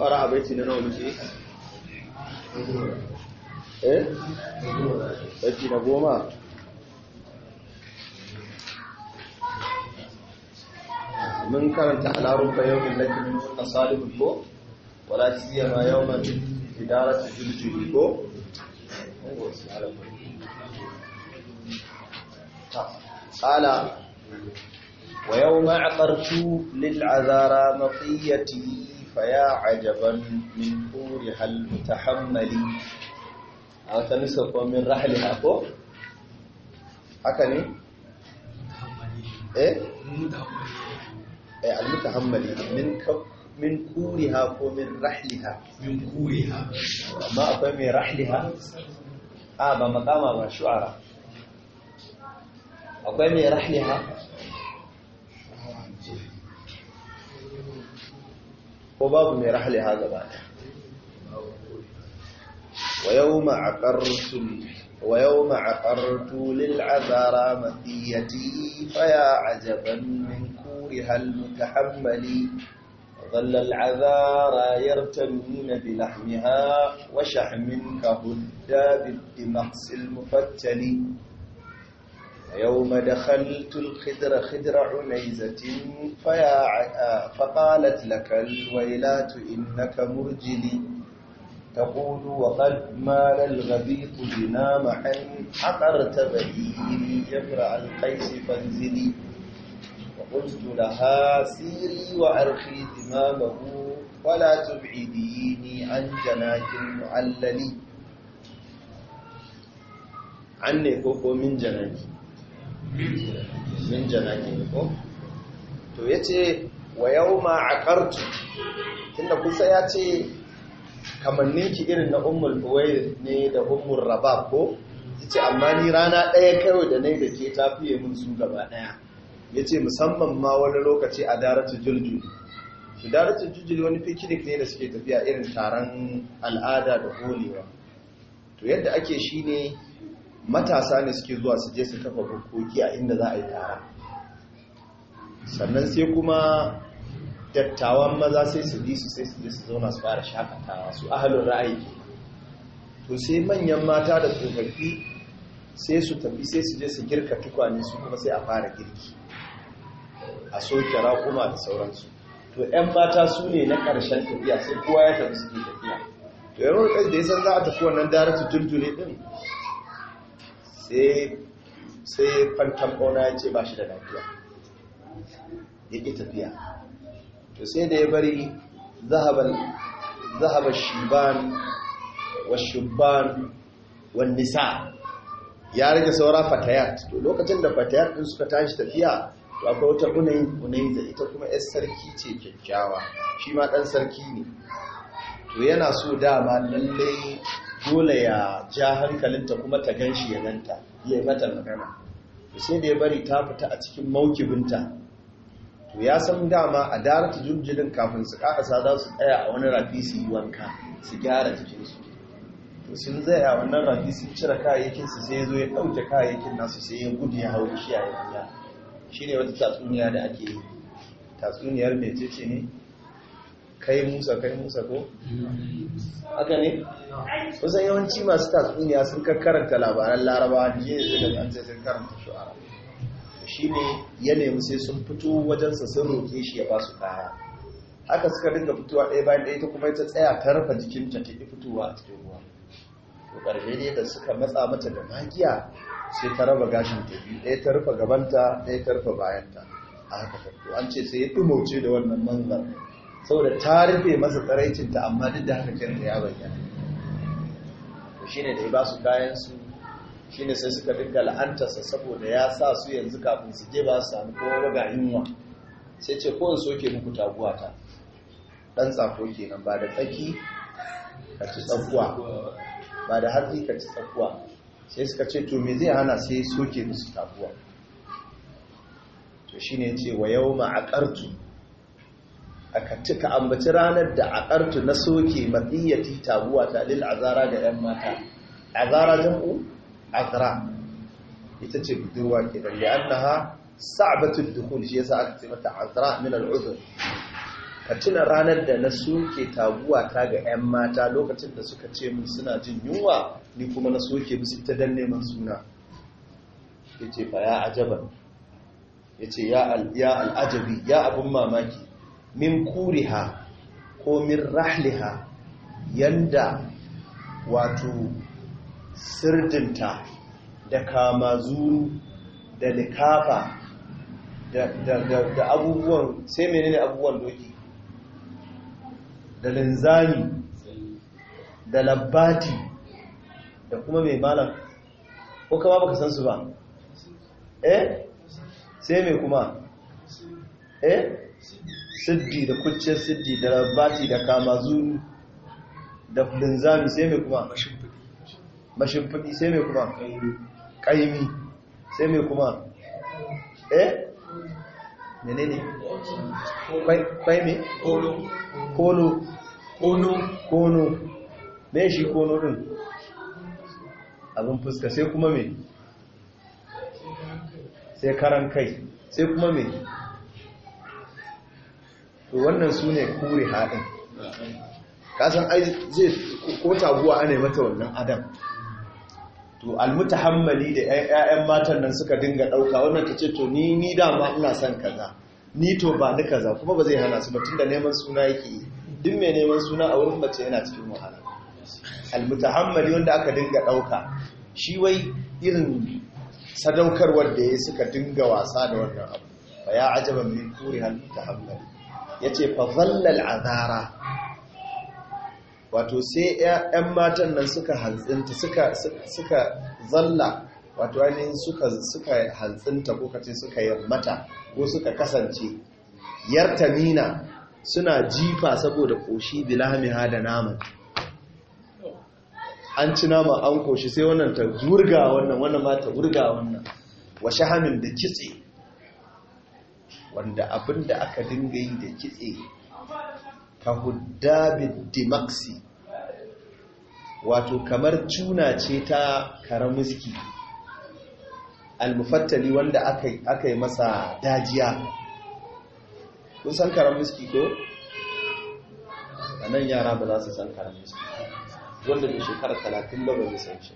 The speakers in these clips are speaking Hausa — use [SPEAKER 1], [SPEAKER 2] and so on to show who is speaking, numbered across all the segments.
[SPEAKER 1] ara abe ti nana olu si eh من كان على رب يوم التي من تصالب الكو ولا سيما يوم إدارة جلجل الكو قال ويوم أعطرت للعذارى مطيتي faya ajaban min kuri hal mutahammali a wata akwai mai rahliha وباب من رحل هذا gaba ويوم عقرت ويوم عقرت للعذارى مثيتي فيا عجبا من كورها المتحمل ظل العذارى يرتمون بلحمها وشحم كهدى بالدمحس المفتل يوم دخلت الخدر خدر عنيزة فيا فقالت لك الويلات إنك مرجلي تقول وقد مال الغبيط بنا معا عقرت بعيري يبرع القيس فانزلي وقلت لها سيري وأرخي ذمامه ولا تبعديني عن جناك المعللي عني كوكو من جناكي min janakin ko to ya ce wa yau ma a ƙartu tunda kusa ya ce kamanninki irin na umar buwai ne da umar rabab ko ya ce amma ni rana ɗaya kawai da nai da ke ta fiye min su gaba ɗaya ya ce musamman ma wani lokaci a daratu julju daratu julju wani fikinik ne da suke tafiya irin taron al'ada da holewa to yadda ake shi ne matasa ne suke zuwa su je su kafa hukoki a inda za a yi tara sannan sai kuma dattawan maza sai su bi su sai su je su zauna su fara shakatawa su ahalin ra'ayi to sai manyan mata da tsofaffi sai su tafi sai su je su girka tukwane su kuma sai a fara girki a soke raƙuma da sauransu to 'yan mata su ne na ƙarshen tafiya sai kowa ya tafi su tafiya to yawon da ya san za a tafi wannan daratu tuntune din sai fantan bauna ya ce ba shi da lafiya ya ƙi tafiya to sai da ya bari zahabar shiban wa shiban wa nisa ya rage saura fatayat to lokacin da fatayat ɗin suka tashi tafiya to akwai wata unayin unayin da ita kuma yar sarki ce kyakkyawa shi ma ɗan sarki ne to yana so dama lallai dole ya ja hankalinta kuma ta gan shi ya ya yi mata magana sai da ya bari ta fita a cikin maukibinta to ya san dama a darata jirgin kafin su kakasa za su tsaya a wani rafi su yi wanka su gyara jikinsu to sun zai a wannan rafi su cire su sai zo ya ɗauke kayayyakin nasu sai ya gudu ya hau shi a yanzu shi ne wata tatsuniya da ake yi tatsuniyar mai ce ne kai musa kai musa ko mm. haka ne kusan yawanci masu tatsuniya sun karanta labaran Laraba, ne ne an sai sun karanta shu'ara shi ne ya nemi sai sun fito wajensa sun roƙe shi ya ba su kaya haka suka dinga fitowa ɗaya bayan ɗaya ta kuma ita tsaya ta rufe jikinta ta ƙi fitowa a cikin ruwa to ƙarshe ne da suka matsa mata da magiya sai ta raba gashin ta biyu ɗaya ta rufe gabanta ɗaya ta rufe bayanta a haka to an ce sai ya ɗumauce da wannan manzan saboda ta rufe masa tsaraicinta amma duk da haka kanta ya bayyana shi ne da ya ba su kayansu shi ne sai suka dinga la'antarsa saboda ya sa su yanzu kafin su je ba su sami kowa ga yunwa sai ce kowane soke muku taguwa ta ɗan tsako kenan ba da tsaki ka ci tsakuwa ba da hatsi ka ci tsakuwa sai suka ce to me zai hana sai soke musu taguwa to shi ne ce wa yau ma'akartu aka cika ambaci ranar da a ƙartu na soke matsiyati taguwa ta lil azara ga 'yan mata azara jam'u azara ita ce budurwa ke da li'annaha sa'abatun dukun shi yasa aka ce mata azara min al'uzur ka cina ranar da na soke taguwa ta ga 'yan mata lokacin da suka ce min suna jin yunwa ni kuma na soke musu ta dan neman suna Ya ce fa ya ajaban ce ya al'ajabi ya abin mamaki min kuriha ko min rahliha yanda wato sirdinta da kamazuru da likafa da abubuwan sai menene abubuwan doki da linzani, da labbati da kuma mai malam ko kama baka san su ba eh sai mai kuma eh siddi da kuccin siddi da rabati da kamazu da linzami sai mai kuma mashimfiɗi sai mai kuma ƙaimi sai mai kuma eh nene ne mai kono kono kono mai shi kono ɗin abin fuska sai kuma mai sai karan kai sai kuma mai to wannan su ne kure haɗin kasan ai zai ko taguwa ana mata wannan adam to almutahammali da 'ya'yan matan nan suka dinga ɗauka wannan ta ce to ni ni dama ina son kaza ni to ba ni kaza kuma ba zai hana su ba da neman suna yake yi duk mai neman suna a wurin mace yana cikin wahala almutahammali wanda aka dinga ɗauka shi wai irin sadaukarwar da ya suka dinga wasa da wannan abu ba ya ajaba mai kuri hal ya ce fazallal azara wato sai 'yan matan nan suka hantsinta suka zalla wato wani suka hantsinta ko kace suka yammata ko suka kasance yartamina suna jifa saboda koshi bilahmiha da naman an ci nama an koshi sai wannan ta wurga wannan wannan ma ta wurga wannan wa shahamin da kitse wanda abin da aka dinga yi da kitse ka huddabin dimaksi wato kamar cuna ce ta karamuski almufattali wanda aka yi masa dajiya kun san karamuski ko? a nan yara ba za su san karamuski wanda da shekara talatin ba ba san shi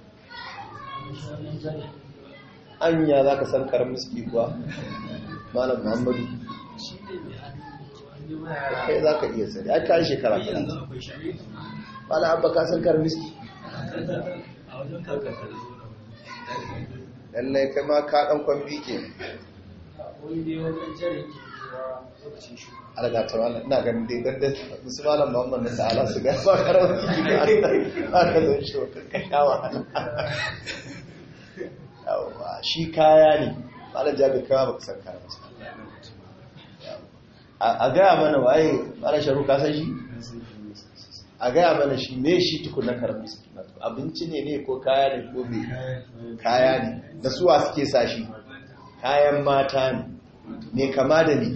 [SPEAKER 1] anya za ka san karan miski kuwa malam muhammadu kai za ka iya sani ai kayan shekara ta malam abba ka san karan miski lallai kai ma ka dan kwambi ke alaga ta wala ina ganin dai dan da musu malam Muhammad na ta'ala su ga ba karawa ki ga aka shi ka kawo shi kaya ne Ba jabi kawa ba baka san kaya a gaya mana waye malam sharu ka san shi a gaya mana shi ne shi tukun na karbi abinci ne ne ko kaya ne ko me kaya ne da suwa suke sa shi kayan mata ne me kama da ni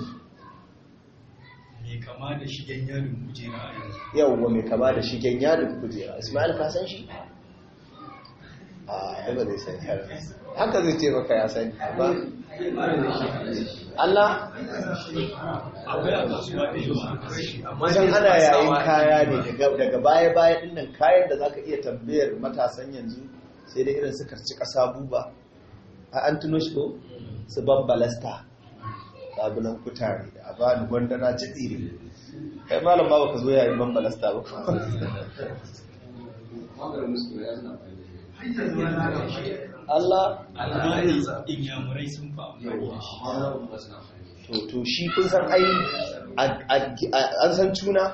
[SPEAKER 1] kama da shigen yadin kujera yawwa mai kama da shigen yadin kujera ismail ka san shi a ba zai sani haka zai ce maka ya sani Allah
[SPEAKER 2] wajen ana yayin kaya ne daga
[SPEAKER 1] baya-baya dinnan kayan da zaka iya tambayar matasan yanzu sai dai irin su karci ƙasa buba a an tuno shi ko su ban balasta sabulan kutare da abani gwandana ci tsiri kai malam ba ka zo yayin ban balasta ba Allah to to shi kun san ai an san tuna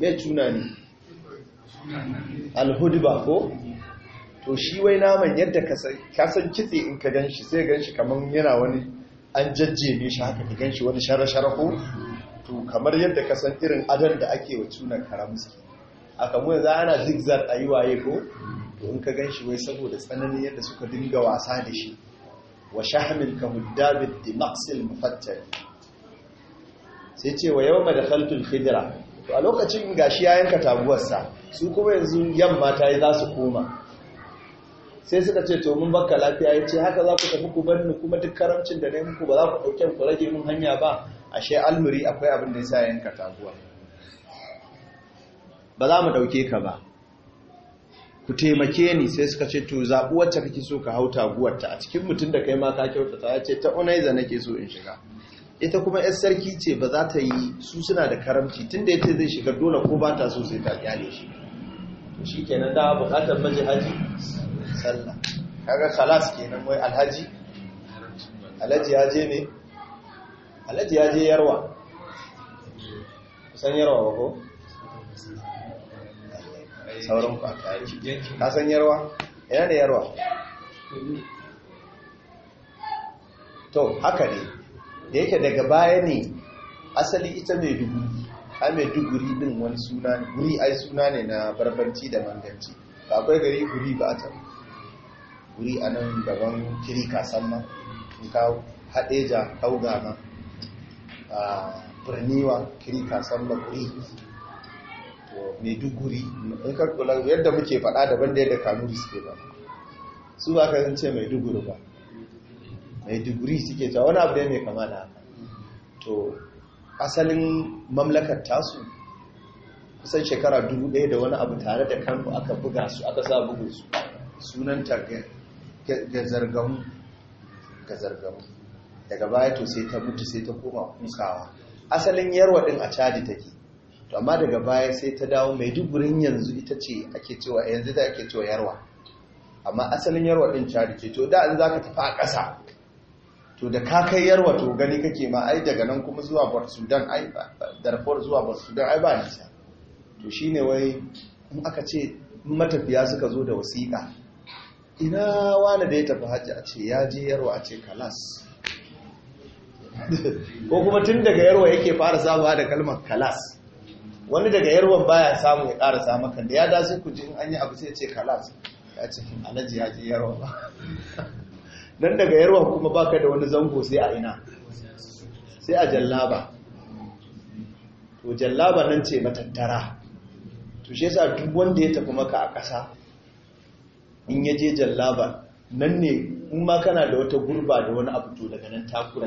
[SPEAKER 1] me tuna ne alhudba ko to shi wai naman yadda ka san kitse in ka ganshi sai ganshi kamar yana wani an jajjeme shi haka ka ganshi wani shara-shara ko to kamar yadda ka san irin adon da ake wa tunan karamuski a kamar za ana zigzag a yi waye ko to in ka ganshi wai saboda tsananin yadda suka dinga wasa da shi wa shahmin ka muddabit di maqsil mafattari sai ce wa da dakhaltul khidra to a lokacin gashi ya yanka tabuwarsa, su kuma yanzu yamma ta yi za su koma sai suka ce to mun baka lafiya ya ce haka za ku tafi ku ni, kuma duk karamcin da na muku ba za ku ɗauke ku rage mun hanya ba ashe almuri akwai abin da ya sa yanka tabuwa. ba za mu ɗauke ka ba ku taimake ni sai suka ce to zaɓi wacce kake so ka hau taguwarta a cikin mutum da kai ma ka kyautata ya ce ta onaiza nake so in shiga ita kuma yar sarki ce ba za ta yi su suna da karamci tun da yace zai shiga dole ko ba ta so sai ta kyale shi to shikenan da bukatar maji haji sallah kaga khalas kenan wai alhaji alhaji ya je ne alhaji ya je yarwa san yarwa ba ko sauran ku a kare ka san yarwa yana da yarwa to haka ne da yake daga baya ne asali ita mai dubu a mai duguri din wani suna guri ai suna ne na barbanci da manganci ba akwai gari guri ba a can guri a nan gaban kiri kasan ma in ka haɗeja hauga ma a birniwa kiri kasan ba guri maiduguri in karkula yadda muke faɗa daban da yadda kanuri suke ba su ba ka ce maiduguri ba maiduguri suke ta wani abu da mai kama da haka to asalin mamlakar tasu kusan shekara dubu ɗaya da wani abu tare da kano aka buga su aka sa bugun su sunanta ga zargamu daga baya to sai ta mutu sai ta koma kukawa asalin yarwa din a cadi take to amma daga baya sai ta dawo maidugurin yanzu ita ce ake cewa yanzu da ake cewa yarwa amma asalin yarwa ɗin cari ce to da an ka tafi a ƙasa to da ka kai yarwa to gani kake ma ai daga nan kuma zuwa Port Sudan ai Darfur zuwa Port Sudan ai ba nisa to ne wai in aka ce matafiya suka zo da wasiƙa ina wani da ya tafi hajji a ce ya je yarwa a ce kalas ko kuma tun daga yarwa yake fara sabuwa da kalmar kalas wani daga yarwan baya samu ya karasa maka da ya da sai ku ji an yi abu sai ce kalas ya ce alaji ya je yarwa ba nan daga yarwan kuma baka da wani zango sai a ina sai a jallaba to jallaba nan ce matattara to shi yasa duk wanda ya tafi maka a ƙasa in ya je jallaba nan ne in ma kana da wata gurba da wani abu to daga nan takura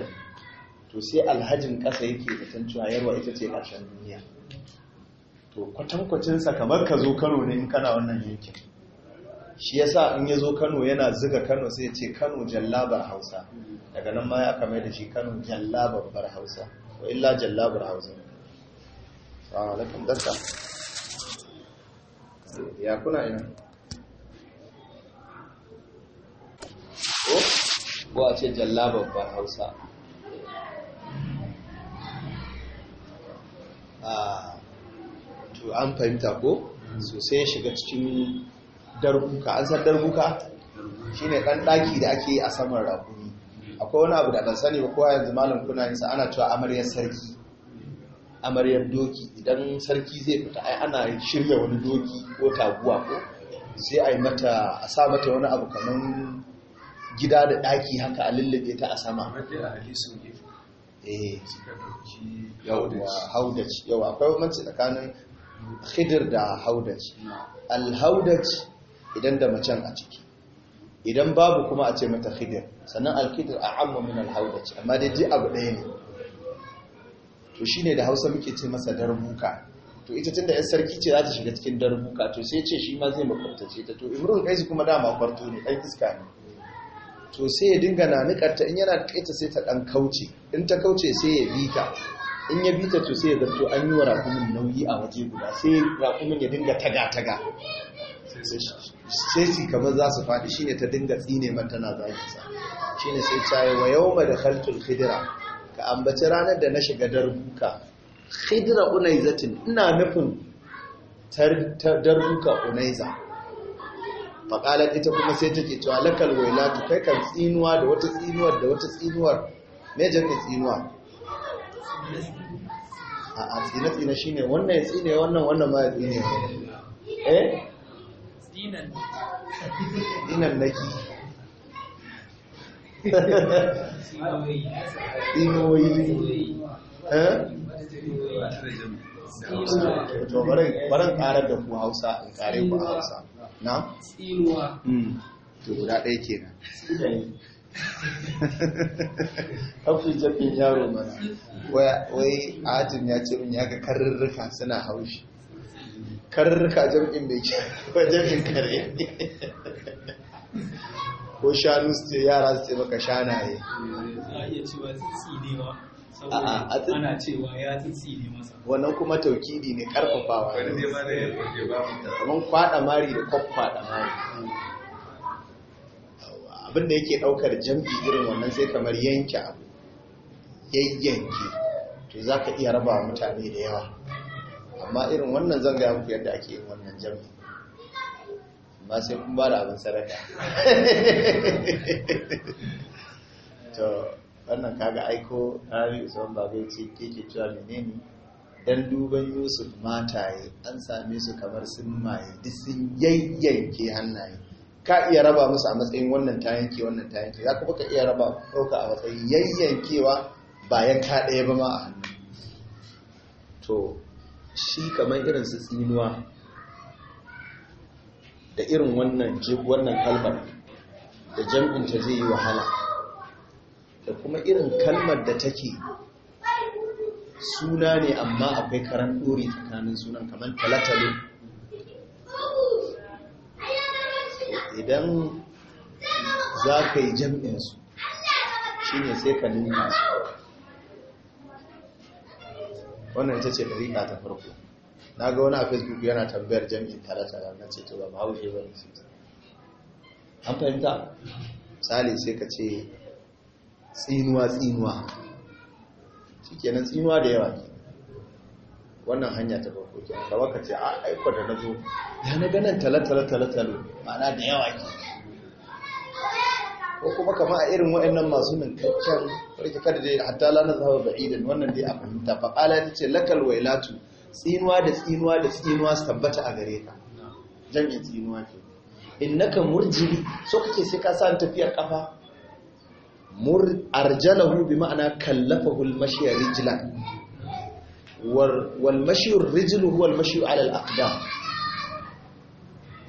[SPEAKER 1] to sai alhajin ƙasa yake da tantuwa yarwa ita ce ƙarshen duniya to kwatankwacinsa kamar ka zo kano ne in kana wannan yankin shi yasa in ya zo kano yana ziga kano sai ce kano jallabar hausa daga nan ma ya kamar da shi kano jallabar hausa wa illa jallabar hausa salamu alaikum darka ya kuna ina ko a ce jallabar hausa uh... to an fahimta ko sosai ya shiga cikin darbuka an san darbuka ne ɗan ɗaki da ake yi a saman rakumi akwai wani abu da ban sani ba kowa yanzu malam kuna yin sa ana cewa amaryar sarki amaryar doki idan sarki zai fita ai ana shirya wani doki ko taguwa ko sai a yi mata a sa mata wani abu kamar gida da ɗaki haka a lullube ta a sama eh yawa haudaci yawa akwai tsakanin khidir da haudaj alhaudaj idan da macen a ciki idan babu kuma a ce mata khidir sannan alkhidir a amma min alhaudaj amma dai ji abu ɗaya ne to shine da hausa muke ce masa darbuka to ita tunda yan sarki ce za ta shiga cikin darbuka to sai ce shi ma zai makwabtace ta to imrun kaisi kuma dama kwarto ne ɗan iska ne to sai ya dinga na ta in yana kaita sai ta ɗan kauce in ta kauce sai ya bi ta in ya bita to sai ya zarto an yi wa rakumin nauyi a waje guda sai rakumin ya dinga taga-taga sai su kamar za su faɗi shi ne ta dinga tsine na tana sa, shi ne sai ta yi wa yau ma da haltun khidira ka ambaci ranar da na shiga darbuka khidira unaizatin ina nufin darbuka unaiza faƙalar ita kuma sai take cewa lakal wailatu kai kan tsinuwa da wata tsinuwar da wata tsinuwar mejan jami tsinuwa a tsine-tsine shi ne wannan ya tsine wannan wannan ma ya tsine eh tsinan naki tsinoyi eh to barin karar da ku hausa in kare ku a hausa na tsinuwa hmm. to guda ɗaya kenan hafi jabin yaro mana wai atin ya ce min ya ga karurruka suna haushi karurruka jam'in mai jam'in kare ko shanu su ce yara su ce maka shanaye a ana cewa ya ne masa wannan kuma taukidi ne karfafawa kamar kwada mari da kwafada mari abin da yake daukar jam'i irin wannan sai kamar yanke abu yayyanke to za ka iya raba mutane da yawa amma irin wannan zan gaya muku yadda ake yin wannan jam'i amma sai kun ba da abin sadaka to wannan kaga aiko yi usman ba bai ce ke cewa menene dan duban yusuf mataye an same su kamar sun maye duk sun yayyanke hannaye ka iya raba musu a matsayin wannan ta yanke wannan ta yanke za ka iya raba ɗauka a matsayin yayyankewa ba yanka ɗaya ba ma a hannu to shi kamar irin su tsinuwa da irin wannan wannan kalmar da jam'inta zai yi wahala da kuma irin kalmar da take suna ne amma akwai karan ɗori tsakanin sunan kamar talatalo idan za ka yi jam'insu shi ne sai ka nuna su wannan ta ce ɗari ta farko na ga wani a facebook yana tambayar jam'in tare-tare na ce to ba ma haushe ba ne an fahimta misali sai ka ce tsinuwa-tsinuwa shi kenan tsinuwa da yawa ne wannan hanya ta farko ke ka waka ce a aiko da na zo ya na ganin talatalo-talatalo ma'ana da yawa ke ko kuma kama a irin wa'annan masu nan ninkakken farki kada dai hatta lana zaba idan wannan dai a fahimta fa ala ta ce lakal wailatu tsinuwa da tsinuwa da tsinuwa su tabbata a gare ka jami'in tsinuwa ke innaka murjini so kake sai ka sa tafiyar kafa mur arjalahu bi ma'ana kallafahu al-mashiya rijlan والمشي الرجل هو المشي على الأقدام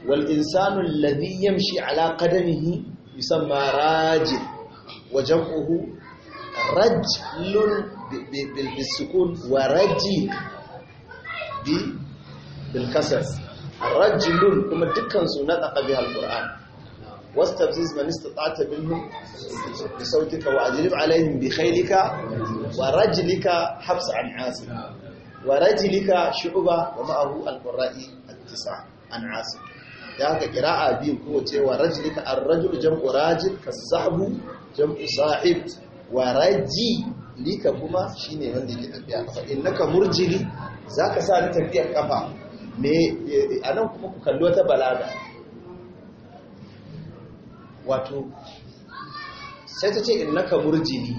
[SPEAKER 1] والإنسان الذي يمشي على قدمه يسمى راجل وجمعه رجل بالسكون ورجي بالكسر رجل كما تكن نطق بها القرآن واستفزز من استطعت منهم بصوتك وأجلب عليهم بخيلك ورجلك حبس عن عاصم wa rajilika shu'ba wa ma'ahu al-qurra'i at-tis'a an asim da haka qira'a biyu kowace wa rajilika ar-rajul jam'u rajil ka sahbu jam'u sahib Waraji raji lika kuma shine wanda yake tafiya kafa innaka murjili zaka sa ni tafiya kafa me anan kuma ku kallo ta balaga wato sai ta ce innaka murjili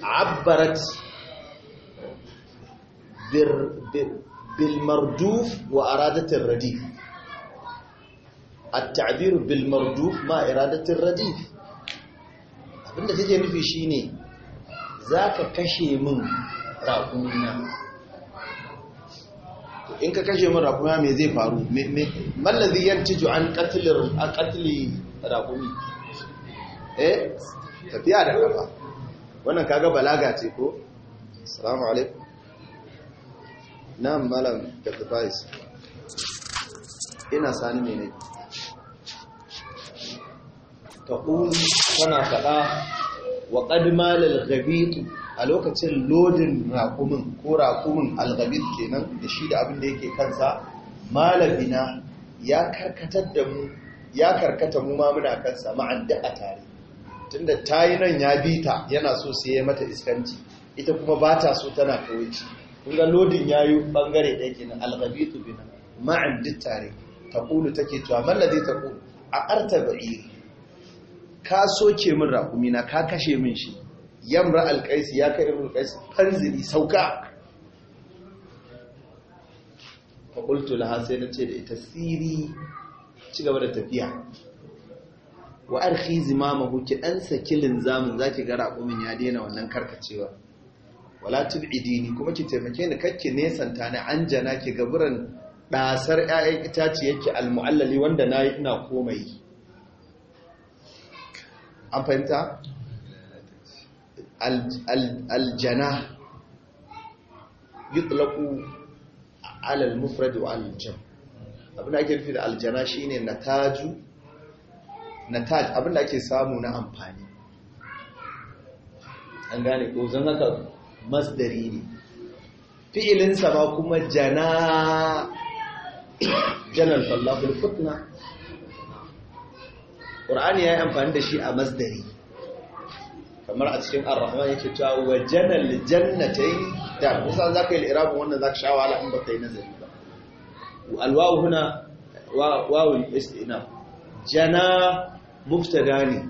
[SPEAKER 1] abbarat بالمردوف وأرادة الرديف التعبير بالمردوف ما إرادة الرديف abinda take nufi shine zaka kashe min raƙumina in ka kashe min raƙumina me zai faru mallazi yantiju an qatlir a qatli raƙumi eh tafiya da kafa wannan kaga balaga ce ko na malam dr vice ina sani ne ne ta tana faɗa wa ƙadmal al a lokacin lodin raƙumin ko raƙumin al-ghabit kenan da shi da abin da yake kansa malabina ya karkatar da mu ya karkata mu ma muna kansa ma'an a tare tunda tayi nan ya bi ta, yana so sai ya mata iskanci ita kuma ba ta so tana kawai Kunga lodin lodin yayi bangare ɗaya kenan al-ghabitu bina ma'an dittare taqulu take cewa man ta taqulu a yi, ka soke min raƙumi na ka kashe min shi yamra al ya kai ibn qais farzili sauka fa qultu laha sai na ce da ita siri ci gaba da tafiya wa arkhi zimamahu ki dan sakilin zamun zaki ga raƙumin ya daina wannan karkacewa wala idini, kuma ki taimake ni kakki ta ni an jana ki gaburan dasar 'ya'yan itace yake almu'allali wanda nayi ina komai an fahimta aljana yutlaku alal mufrad wa aljam abin da ake nufi da aljana shine nataju nataj abin da ake samu na amfani an gane ko zan haka masdari ne fi'ilinsa ba kuma jana janar fallafin fitna ƙur'ani ya yi amfani da shi a masdari kamar a cikin arrahman yake cewa wa janar jannatai da kusan za ka yi lirabin wannan za ka sha wahala in ba ka yi nazari ba alwawu huna wawun istina jana muftada ne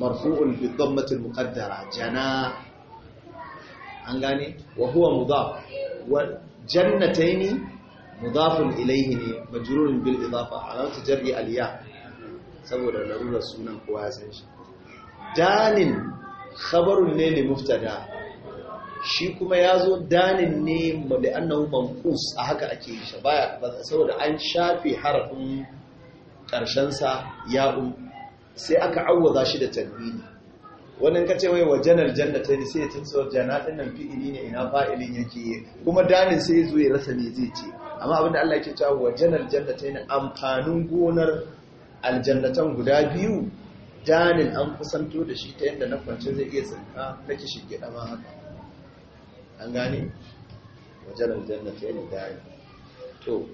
[SPEAKER 1] marfu'un bi dhammatil muqaddara jana an gane wa huwa mudaf jannataini mudafun ilaihi ne majrurun bil idafa alamatu jarri aliya saboda larurar sunan kowa ya san shi danin khabarun ne muftada shi kuma ya zo danin ne da annahu manqus a haka ake yi shi baya saboda an shafe harafin karshen sa ya'un sai aka awwaza shi da tanwini wannan ka ce wai wa janar janna ta sai ya tunso jana din nan fi'ili ne ina fa'ilin yake kuma danin sai zo ya rasa me zai ce amma abin da Allah yake cewa wa janar janna ta ne amfanin gonar aljannatan guda biyu danin an kusanto da shi ta yadda na kwance zai iya tsinka na shi gida ma haka an gane wa janar janna ta ne dani to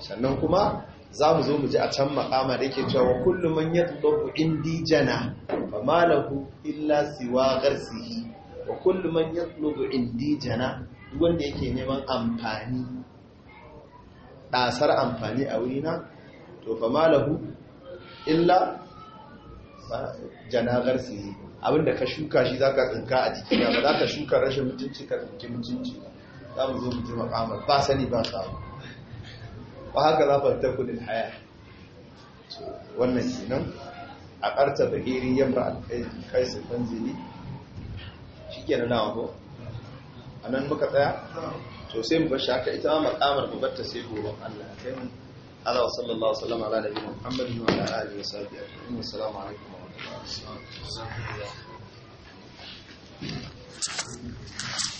[SPEAKER 1] sannan kuma za mu zo mu ji a can makama da yake cewa kullu man ya tsoku indi jana fa malahu illa siwa garsihi wa kullu man ya tsoku indi jana wanda yake neman amfani ɗasar amfani a wuri na, to fa malahu illa jana garsihi abinda ka shuka shi za ka tsinka a jikina ba za ka shuka rashin mutunci ka tsinki mutunci ba za mu zo mu ji makama ba sani ba samu wa haka za ta kudin haya wannan kenan a karta bahiri yamra alqais eh, alfanzili shikenan nawa ko anan muka tsaya to sai mu bar shaka ita ma makamar mu bar ta sai goron Allah kai mu Allah sallallahu alaihi ala